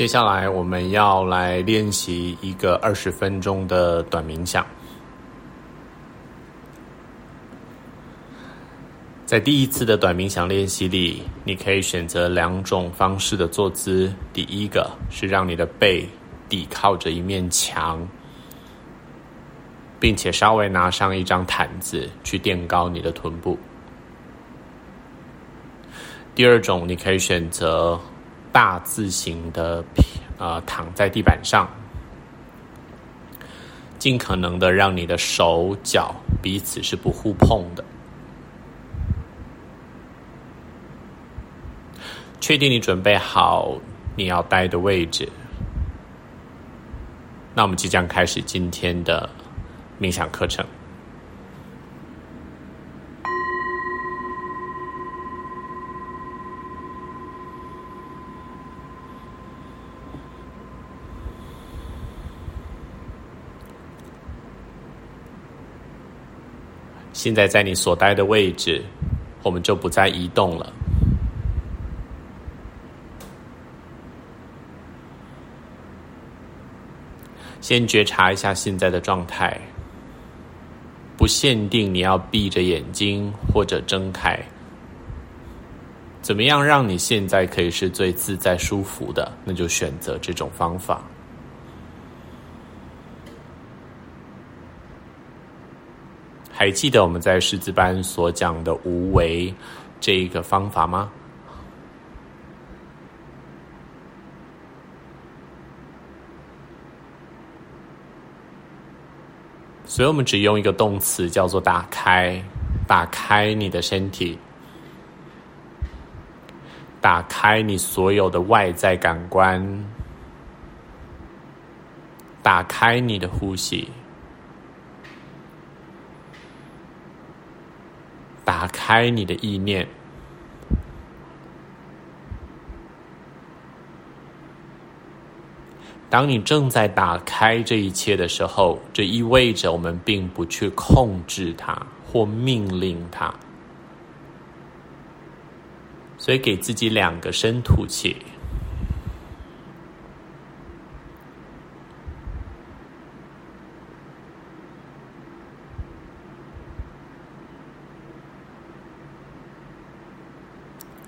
接下來我們要來練習一個二十分鐘的短冥想。在第一次的短冥想練習裡，你可以選擇兩種方式的坐姿。第一個是讓你的背抵靠着一面牆，並且稍微拿上一張毯子去墊高你的臀部。第二種，你可以選擇。大字型的，呃，躺在地板上，盡可能的讓你的手腳彼此是不互碰的，確定你準備好你要待的位置，那我們即將開始今天的冥想課程。現在在你所待的位置，我們就不再移動了。先覺察一下現在的狀態，不限定你要閉着眼睛或者睜開，怎麼樣讓你現在可以是最自在舒服的？那就選擇這種方法。還記得我們在師資班所講的無為這一個方法嗎？所以我們只用一個動詞叫做“打開”，打開你的身體，打開你所有的外在感官，打開你的呼吸。打開你的意念。當你正在打開這一切的時候，這意味着我們並不去控制它或命令它。所以，給自己兩個深吐氣。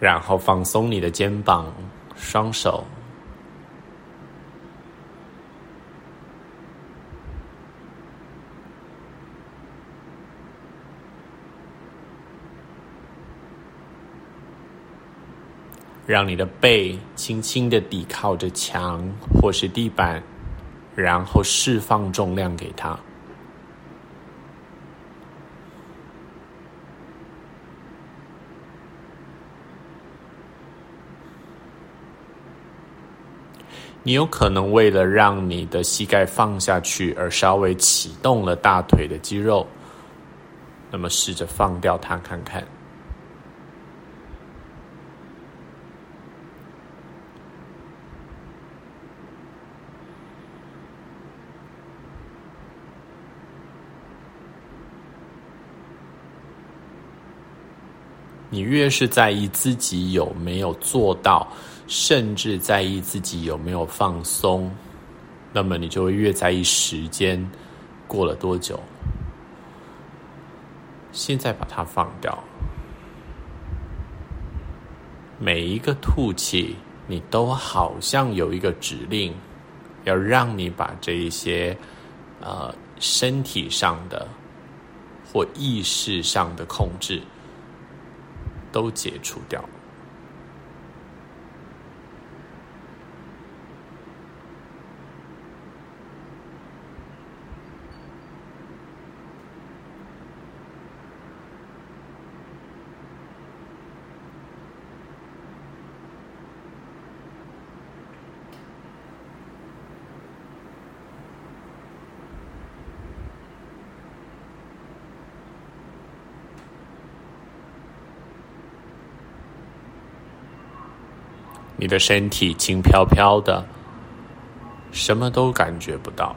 然後放鬆你的肩膀、雙手，讓你的背輕輕的抵靠着牆或是地板，然後釋放重量給它。你有可能為了讓你的膝蓋放下去而稍微啟動了大腿的肌肉，那麼試着放掉它看看。你越是在意自己有沒有做到，甚至在意自己有沒有放鬆，那麼你就會越在意時間過了多久。現在把它放掉。每一個吐氣，你都好像有一個指令，要讓你把這一些，呃，身體上的，或意識上的控制。都解除掉。你的身體輕飄飄的，什麼都感覺不到。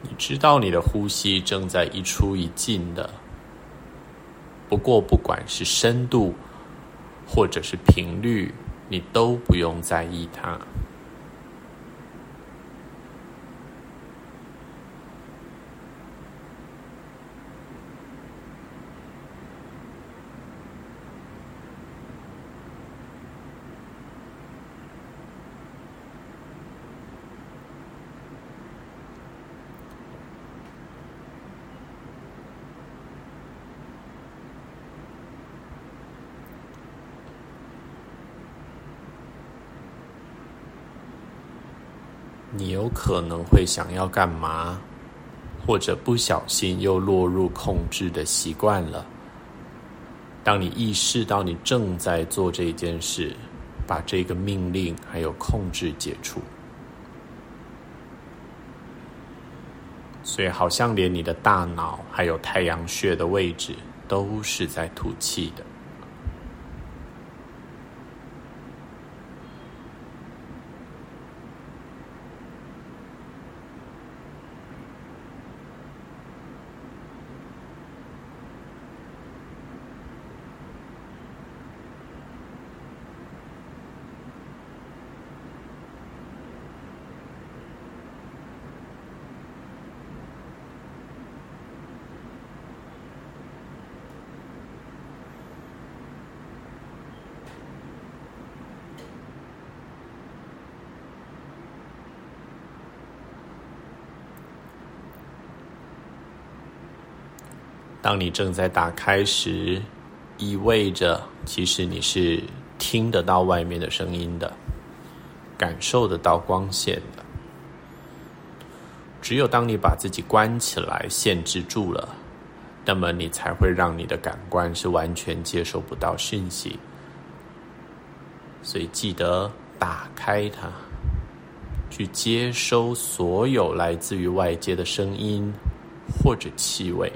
你知道你的呼吸正在一出一進的。不過，不管是深度，或者是頻率，你都不用在意它。有可能會想要幹嘛，或者不小心又落入控制的習慣了。當你意識到你正在做這件事，把這個命令還有控制解除。所以好像連你的大腦還有太陽穴的位置都是在吐氣的。當你正在打開時，意味着其實你是聽得到外面的聲音的，感受得到光線的。只有當你把自己關起來，限制住了，那麼你才會讓你的感官是完全接收不到訊息。所以記得打開它，去接收所有來自於外界的聲音或者氣味。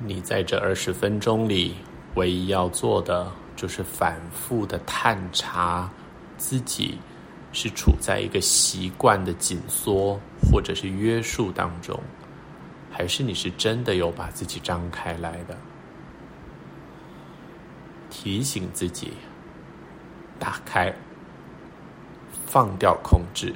你在這二十分鐘裡，唯一要做的就是反覆的探查自己是處在一個習慣的緊縮或者是約束當中，還是你是真的有把自己張開來的？提醒自己，打開，放掉控制。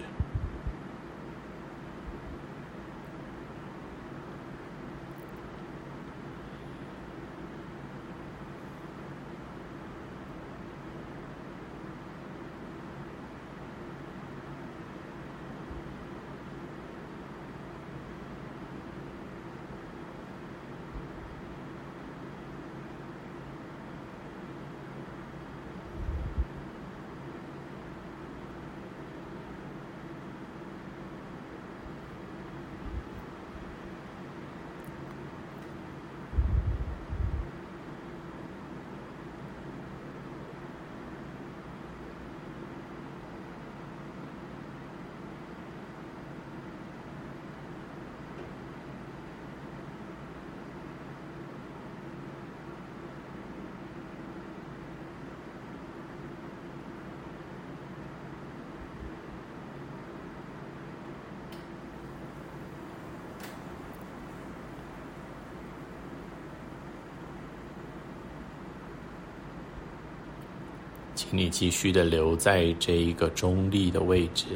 請你繼續的留在這一個中立的位置，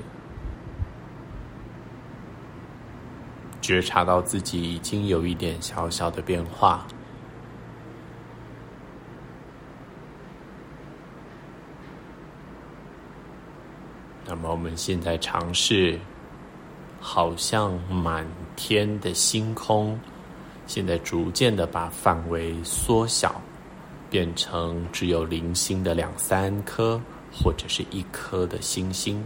覺察到自己已經有一點小小的變化。那麼我們現在嘗試，好像滿天的星空，現在逐漸的把範圍縮小。變成只有零星的兩三顆，或者是一顆的星星。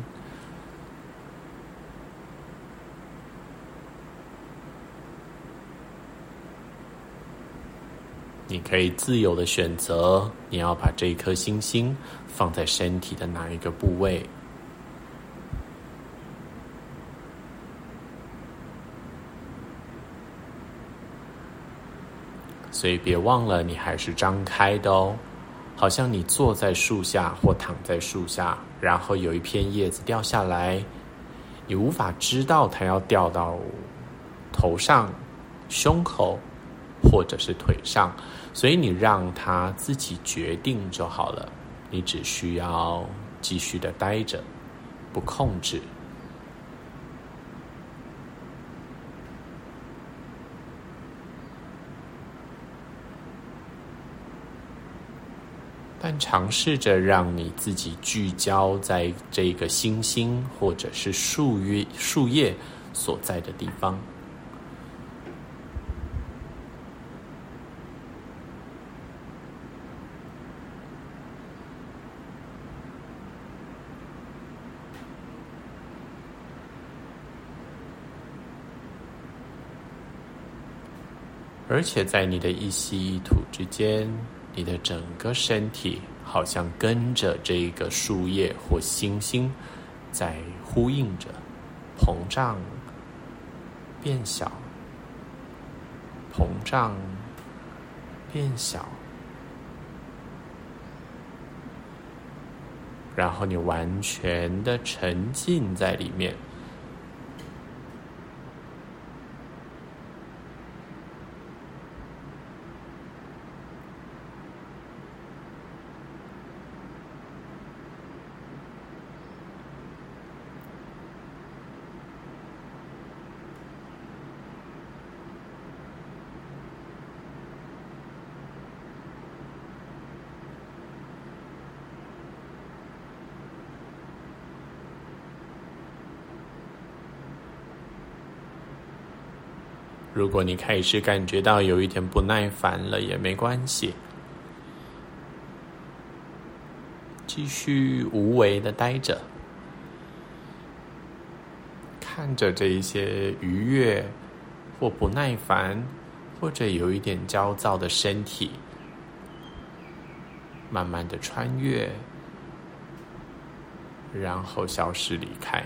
你可以自由的選擇，你要把這一顆星星放在身體的哪一個部位。所以別忘了，你還是張開的哦，好像你坐在樹下或躺在樹下，然後有一片葉子掉下來，你無法知道它要掉到頭上、胸口或者是腿上，所以你讓它自己決定就好了，你只需要繼續的待着，不控制。但嘗試着讓你自己聚焦在這個星星或者是樹葉樹葉所在的地方，而且在你的一吸一吐之間。你的整個身體好像跟着這個樹葉或星星在呼應着，膨脹，變小，膨脹，變小，然後你完全的沉浸在裡面。如果你開始感覺到有一點不耐煩了，也沒關係，繼續無為的待着，看着這一些愉悅或不耐煩，或者有一點焦躁的身體，慢慢的穿越，然後消失離開。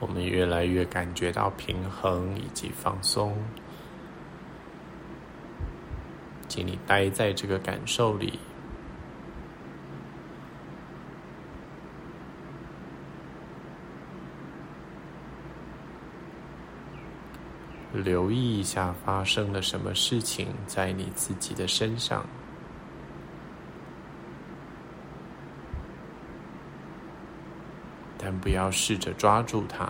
我們越來越感覺到平衡以及放鬆，請你待在這個感受裡，留意一下發生了什麼事情在你自己的身上。不要試着抓住它，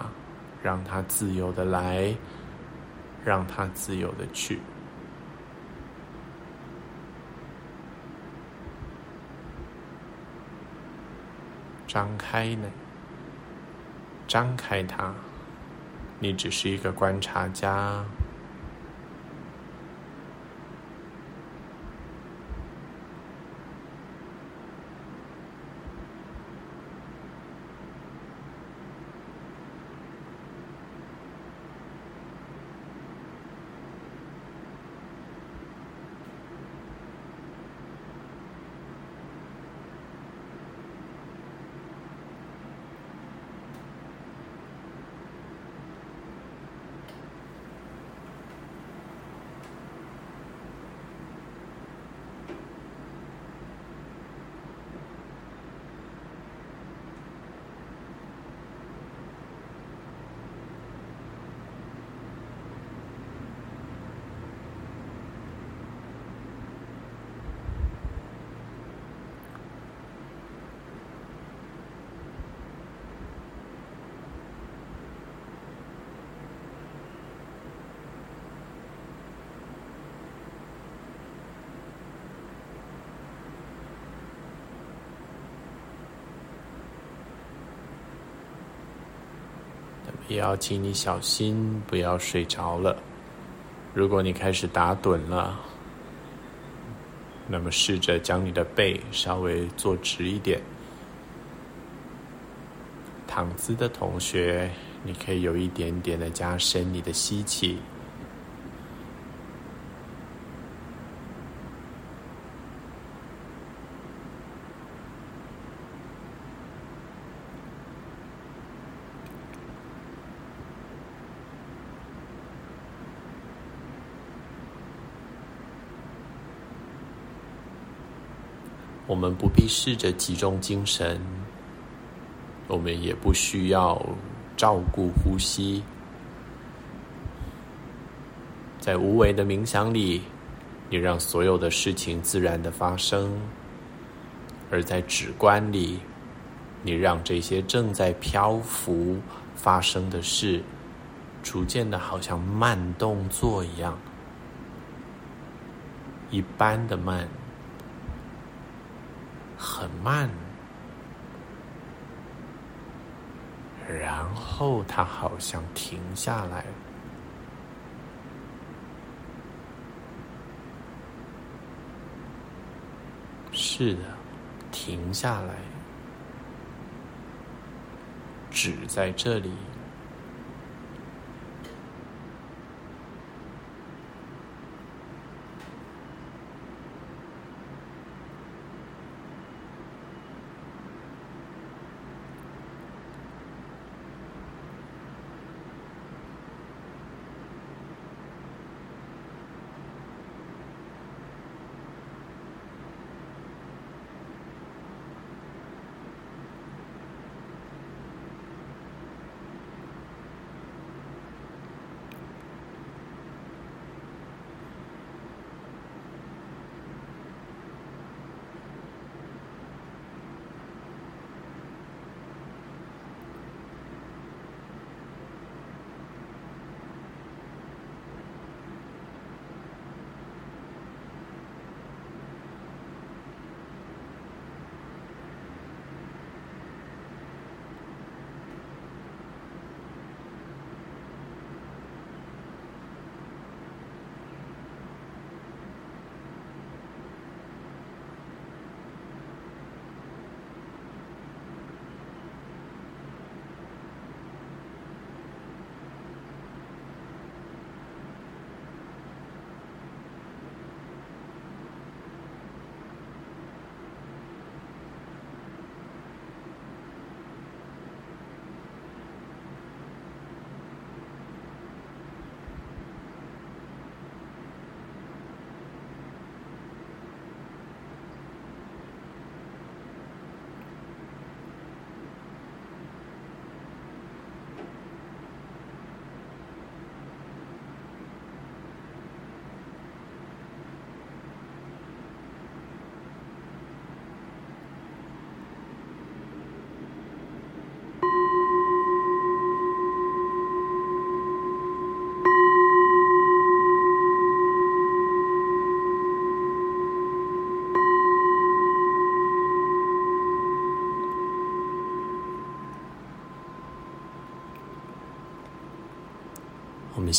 讓它自由的來，讓它自由的去。張開呢？張開它，你只是一個觀察家。也要請你小心，不要睡着了。如果你開始打盹了，那麼試着將你的背稍微坐直一點。躺姿的同學，你可以有一點點的加深你的吸氣。我們不必試着集中精神，我們也不需要照顧呼吸。在無為的冥想裡，你讓所有的事情自然的發生；而在直觀裡，你讓這些正在漂浮發生的事，逐漸的好像慢動作一樣，一般的慢。很慢，然後他好像停下來。是的，停下來，止在這裡。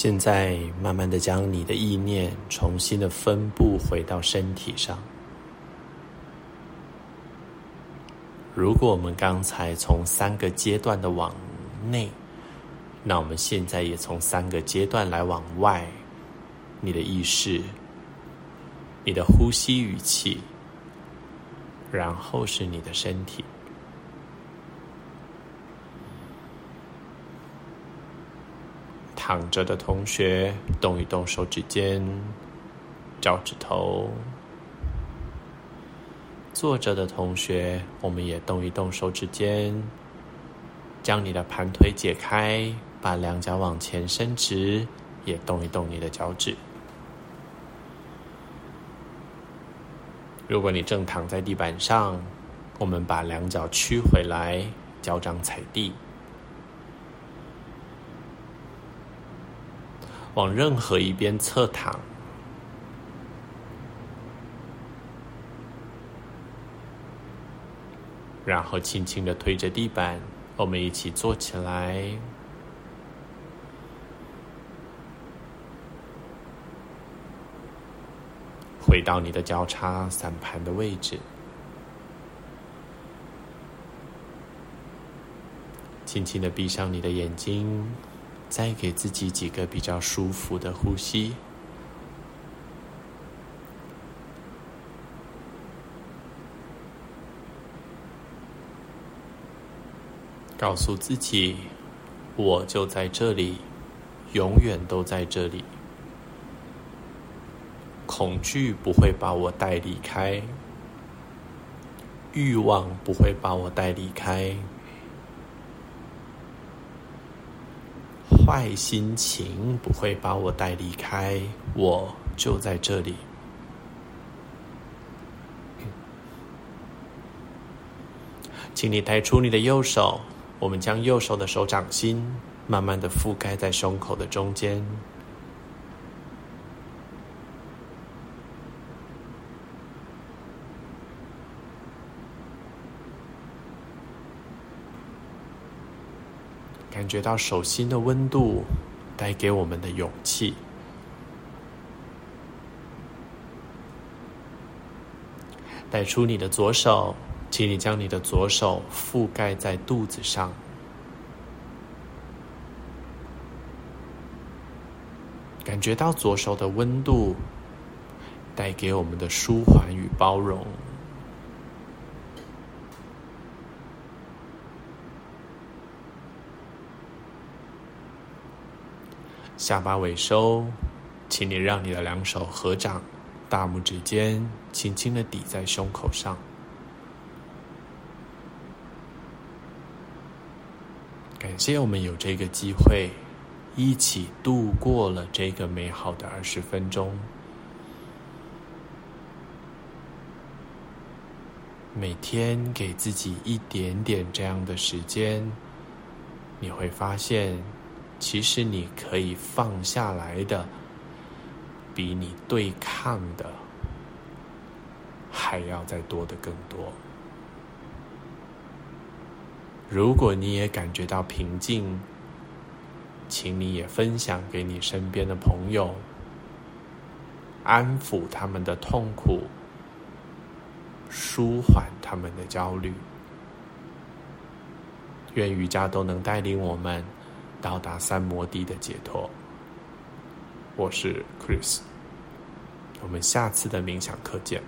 現在慢慢的將你的意念，重新的分布回到身體上。如果我們剛才從三個階段的往內，那我們現在也從三個階段來往外，你的意識、你的呼吸語氣，然後是你的身體。躺着的同學，動一動手指尖、腳趾頭；坐着的同學，我們也動一動手指尖。將你的盤腿解開，把兩腳往前伸直，也動一動你的腳趾。如果你正躺在地板上，我們把兩腳屈回來，腳掌踩地。往任何一邊側躺，然後輕輕的推着地板，我們一起坐起來，回到你的交叉散盤的位置，輕輕的閉上你的眼睛。再給自己幾個比較舒服的呼吸，告訴自己，我就在這裡，永遠都在這裡。恐懼不會把我帶離開，欲望不會把我帶離開。壞心情不會把我帶離開，我就在這裡。請你抬出你的右手，我們將右手的手掌心慢慢的覆蓋在胸口的中間。感覺到手心的溫度帶給我們的勇氣，帶出你的左手，請你將你的左手覆蓋在肚子上，感覺到左手的溫度帶給我們的舒緩與包容。下巴微收，請你讓你的兩手合掌，大拇指尖輕輕的抵在胸口上。感謝我們有這個機會，一起度過了這個美好的二十分鐘。每天給自己一點點這樣的時間，你會發現。其實你可以放下來的，比你對抗的還要再多得更多。如果你也感覺到平靜，請你也分享給你身邊的朋友，安撫他們的痛苦，舒緩他們的焦慮。願瑜伽都能帶領我們。到達三摩地的解脫。我是 Chris，我們下次的冥想課見。